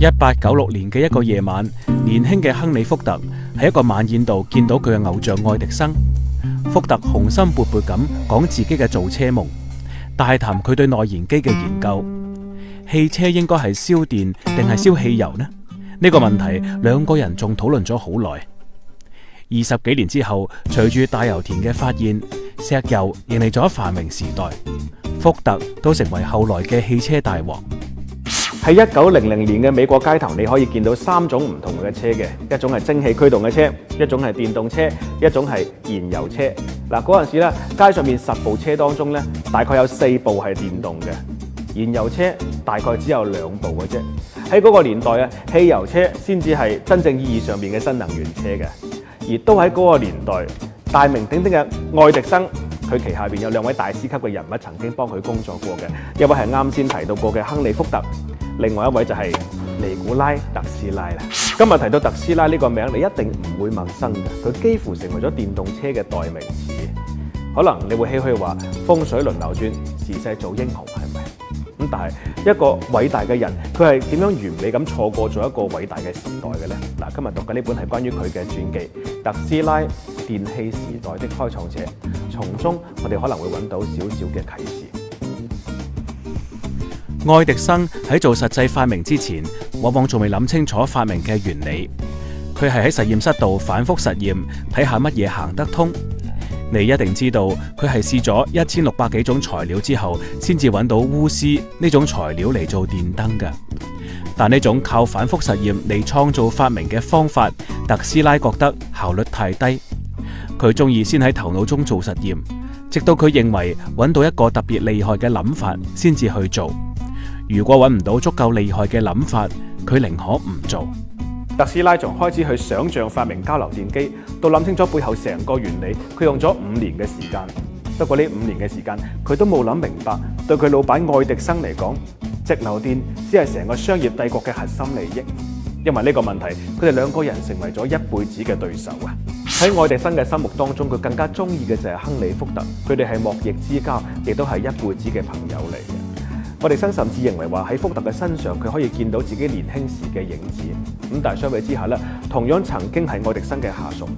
一八九六年嘅一個夜晚，年輕嘅亨利福特喺一個晚宴度見到佢嘅偶像愛迪生。福特雄心勃勃咁講自己嘅造車夢，大談佢對內燃機嘅研究。汽車應該係燒電定係燒汽油呢？呢個問題兩個人仲討論咗好耐。二十幾年之後，隨住大油田嘅發現，石油迎嚟咗繁榮時代，福特都成為後來嘅汽車大王。喺一九零零年嘅美國街頭，你可以見到三種唔同嘅車嘅，一種係蒸汽驅動嘅車，一種係電動車，一種係燃油車。嗱，嗰陣時咧，街上面十部車當中咧，大概有四部係電動嘅，燃油車大概只有兩部嘅啫。喺嗰個年代啊，汽油車先至係真正意義上面嘅新能源車嘅，而都喺嗰個年代，大名鼎鼎嘅愛迪生，佢旗下邊有兩位大師級嘅人物曾經幫佢工作過嘅，一位係啱先提到過嘅亨利福特。另外一位就係尼古拉特斯拉啦。今日提到特斯拉呢個名，你一定唔會陌生嘅。佢幾乎成為咗電動車嘅代名詞。可能你會唏噓話：風水輪流轉，時勢造英雄，係咪？咁但係一個偉大嘅人，佢係點樣完美咁錯過咗一個偉大嘅時代嘅呢？嗱，今日讀緊呢本係關於佢嘅傳記《特斯拉電器時代的開創者》，從中我哋可能會揾到少少嘅啟示。愛迪生喺做實際發明之前，往往仲未諗清楚發明嘅原理。佢係喺實驗室度反覆實驗，睇下乜嘢行得通。你一定知道，佢係試咗一千六百幾種材料之後，先至揾到鎢絲呢種材料嚟做電燈嘅。但呢種靠反覆實驗嚟創造發明嘅方法，特斯拉覺得效率太低。佢中意先喺頭腦中做實驗，直到佢認為揾到一個特別厲害嘅諗法，先至去做。如果揾唔到足夠厲害嘅諗法，佢寧可唔做。特斯拉從開始去想象發明交流電機，到諗清楚背後成個原理，佢用咗五年嘅時間。不過呢五年嘅時間，佢都冇諗明白。對佢老闆愛迪生嚟講，直流電只係成個商業帝國嘅核心利益。因為呢個問題，佢哋兩個人成為咗一輩子嘅對手啊！喺愛迪生嘅心目當中，佢更加中意嘅就係亨利·福特，佢哋係莫逆之交，亦都係一輩子嘅朋友嚟。愛迪生甚至認為話喺福特嘅身上，佢可以見到自己年輕時嘅影子。咁但係相比之下咧，同樣曾經係愛迪生嘅下屬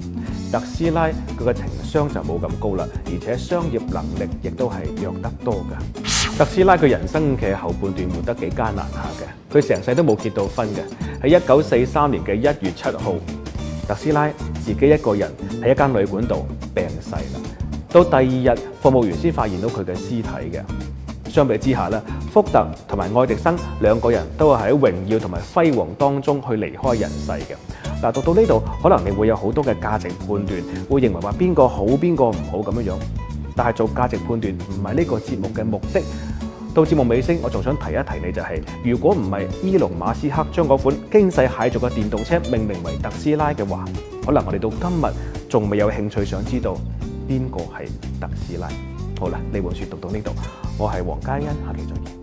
特斯拉，佢嘅情商就冇咁高啦，而且商業能力亦都係弱得多㗎。特斯拉佢人生嘅後半段活得幾艱難下嘅，佢成世都冇結到婚嘅。喺一九四三年嘅一月七號，特斯拉自己一個人喺一間旅館度病逝啦。到第二日，服務員先發現到佢嘅屍體嘅。相比之下咧，福特同埋愛迪生兩個人都係喺榮耀同埋輝煌當中去離開人世嘅。嗱，讀到呢度，可能你會有好多嘅價值判斷，會認為話邊個好，邊個唔好咁樣樣。但係做價值判斷唔係呢個節目嘅目的。到節目尾聲，我仲想提一提你就係、是，如果唔係伊隆馬斯克將嗰款驚世駭俗嘅電動車命名為特斯拉嘅話，可能我哋到今日仲未有興趣想知道邊個係特斯拉。好啦，呢本書讀到呢度，我係黃嘉欣，下期再見。